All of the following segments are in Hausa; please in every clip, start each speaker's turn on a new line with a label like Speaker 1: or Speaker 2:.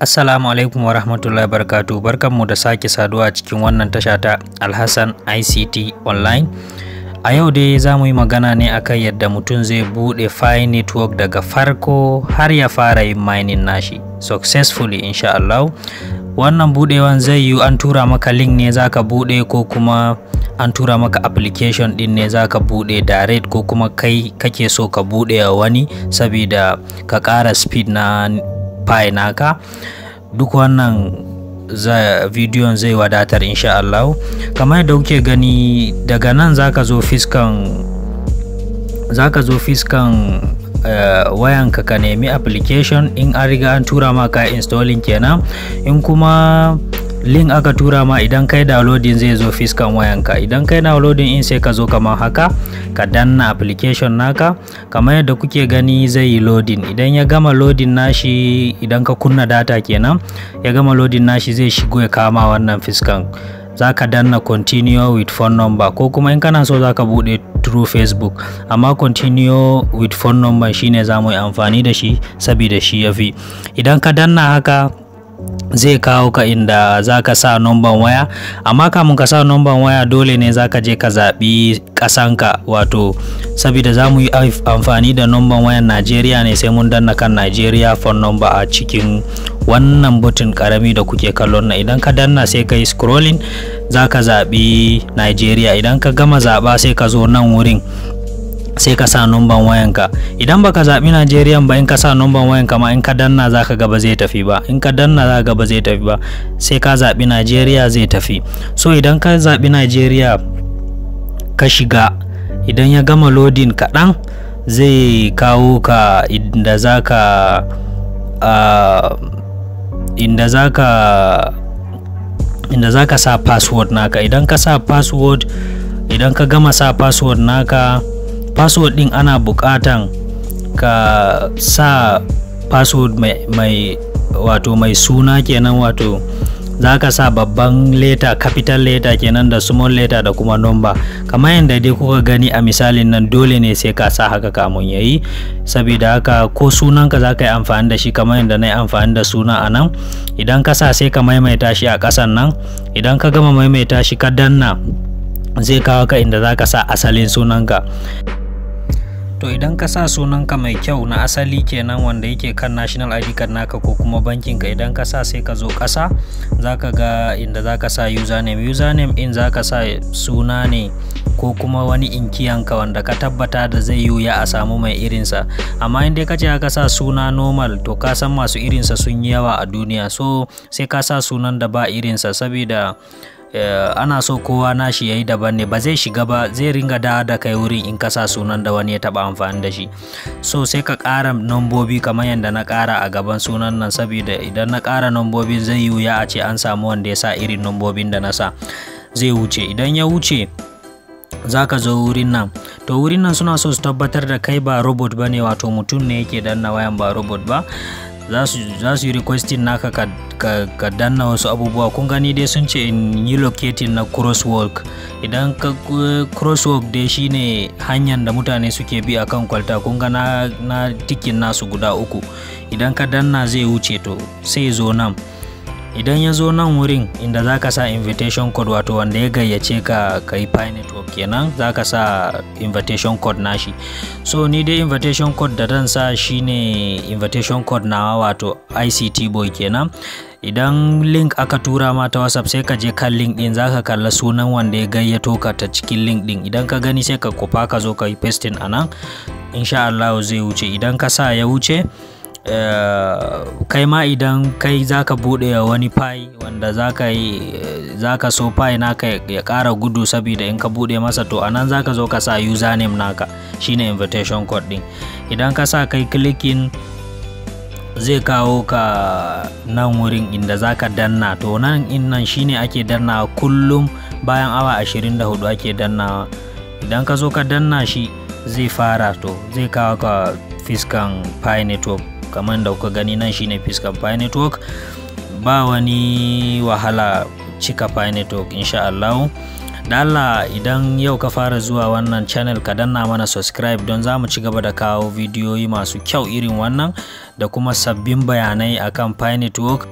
Speaker 1: Assalamu alaikum wa rahmatullahi barkatu barkanmu da sake saduwa a cikin wannan tasha ta Alhassan ICT online. A yau dai za mu yi magana ne akan yadda mutum zai buɗe Fi network daga farko har ya fara yin mining nashi successfully insha Allah. Wannan buɗewan zai yi an tura maka link ne zaka buɗe ko kuma an tura maka application din ne zaka buɗe direct ko kuma kai kake so ka buɗe wani saboda ka ƙara speed na file naka duk wannan bidiyon zai wadatar insha Allah kamar yadda kuke gani daga nan zaka zo fiskan zaka zo fiskan uh, wayanka ka nemi application in an riga an tura maka installing kenan in kuma link aka tura ma idan kai downloading zai zo fiskan wayanka idan kai downloading in sai ka zo kamar haka ka danna application naka kamar yadda kuke gani zai yi loading idan ya gama loading nashi idan ka kunna data kenan ya gama loading nashi zai shigo ya kama wannan fiskan za ka danna continue with phone number ko kuma in kana so za ka buɗe through facebook amma continue with phone number shine za yi amfani da shi saboda shi ya fi idan ka danna haka zai kawo ka inda za ka sa numban waya amma kamun ka sa numban waya dole ne za ka je ka zaɓi ƙasanka wato saboda za mu yi amfani da numban wayan najeriya ne sai mun danna kan najeriya phone number a cikin wannan butun karami da kuke kallon na idan ka danna sai ka yi scrolling za ka zaɓi najeriya idan ka gama zaɓa sai ka zo nan wurin sai ka sa numban wayanka idan baka zabi Najeriya ba in ka sa numban wayanka ma in ka danna zaka ga ba zai tafi ba in ka danna zaka ga ba zai tafi ba sai ka zabi Najeriya zai tafi so idan ka zaɓi Najeriya ka shiga idan ya gama loading kaɗan zai kawo ka inda zaka uh, inda zaka inda zaka sa password naka idan ka sa password idan ka gama sa password naka password din ana bukatan ka sa password mai wato mai suna kenan wato za ka sa babban letter capital letter kenan da small letter da kuma number kamar yadda dai kuka gani a misalin nan dole ne sai ka sa haka kamun yayi saboda haka ko sunanka za ka yi amfani da shi kamar yadda na yi amfani da suna a nan idan ka sa sai ka maimaita shi a kasan nan idan ka gama maimaita shi ka danna zai kawo ka inda za ka sa asalin sunanka to idan ka sa sunanka mai kyau na asali kenan wanda yake kan national id card naka ko kuma bankin ka idan ka sa sai ka zo kasa zaka ga inda zaka sa username username in zaka sa suna ne ko kuma wani inkiyan ka wanda ka tabbata da zai yi ya a samu mai irinsa amma in dai ka ce ka sa suna normal to ka san masu irinsa sun yi yawa a duniya so sai ka sa sunan da ba irinsa saboda Eh, ana so kowa na nashi yayi daban ne ba zai shiga ba zai ringa da da kai wurin in kasa sunan da wani ya taba amfani da shi so sai ka kara nambobi kamar yadda na kara a gaban sunan nan saboda idan na kara nombobin zai yi wuya a ce an samu wanda ya sa irin nombobin da na sa zai wuce idan ya wuce za ka zo wurin nan to wurin nan suna so su tabbatar da kai ba robot ba ne wato mutum ne yake danna wayan ba robot ba za su yi requesting naka ka, ka, ka danna wasu abubuwa kun gani dai sun ce in yi locating na crosswalk idan ka crosswalk dai shine hanyar da mutane suke bi a kan kwalta kun ga na tikin nasu guda uku idan ka danna zai wuce to sai zo nan idan ya zo nan wurin inda za ka sa invitation code wato wanda ya gayyace ka ka yi pi network kenan za ka sa invitation code nashi so ni dai invitation code da dan sa shine invitation code nawa wato ict boy kenan idan link aka tura ma ta whatsapp sai ka je kan link din zaka kalla sunan wanda ya gayyato ka ta cikin link din idan ka gani sai ka kufa ka zo ka yi pasting anan insha Allah zai wuce idan ka sa ya wuce Eh, kai ma idan kai zaka buɗe wani fai wanda zaka yi zaka so fai naka ya kara gudu saboda in ka buɗe masa to anan zaka zo ka sa username naka shine invitation code din idan ka sa kai clicking zai kawo ka nan wurin inda zaka danna to nan in nan shine ake danna kullum bayan awa 24 ake dannawa idan ka zo ka danna shi zai fara to zai kawo ka fiskan pi network kamar da kuka gani nan shine fiskan fire network ba wani wahala cika fire network insha Allah Allah idan yau ka fara zuwa wannan channel ka danna mana subscribe don za mu ci gaba da kawo bidiyoyi masu kyau irin wannan da kuma sabbin bayanai akan pi network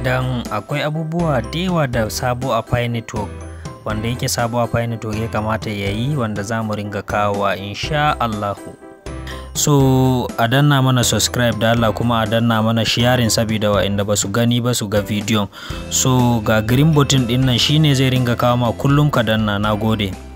Speaker 1: don akwai abubuwa da yawa da sabo a pi network wanda yake sabo a pi network ya kamata ya yi wanda za mu ringa kawowa insha Allahu so a danna mana subscribe da Allah kuma a danna mana sharing saboda wa'inda ba su gani ba su ga bidiyon so ga green button din nan shine zai ringa kawo ma kullum ka danna na nagode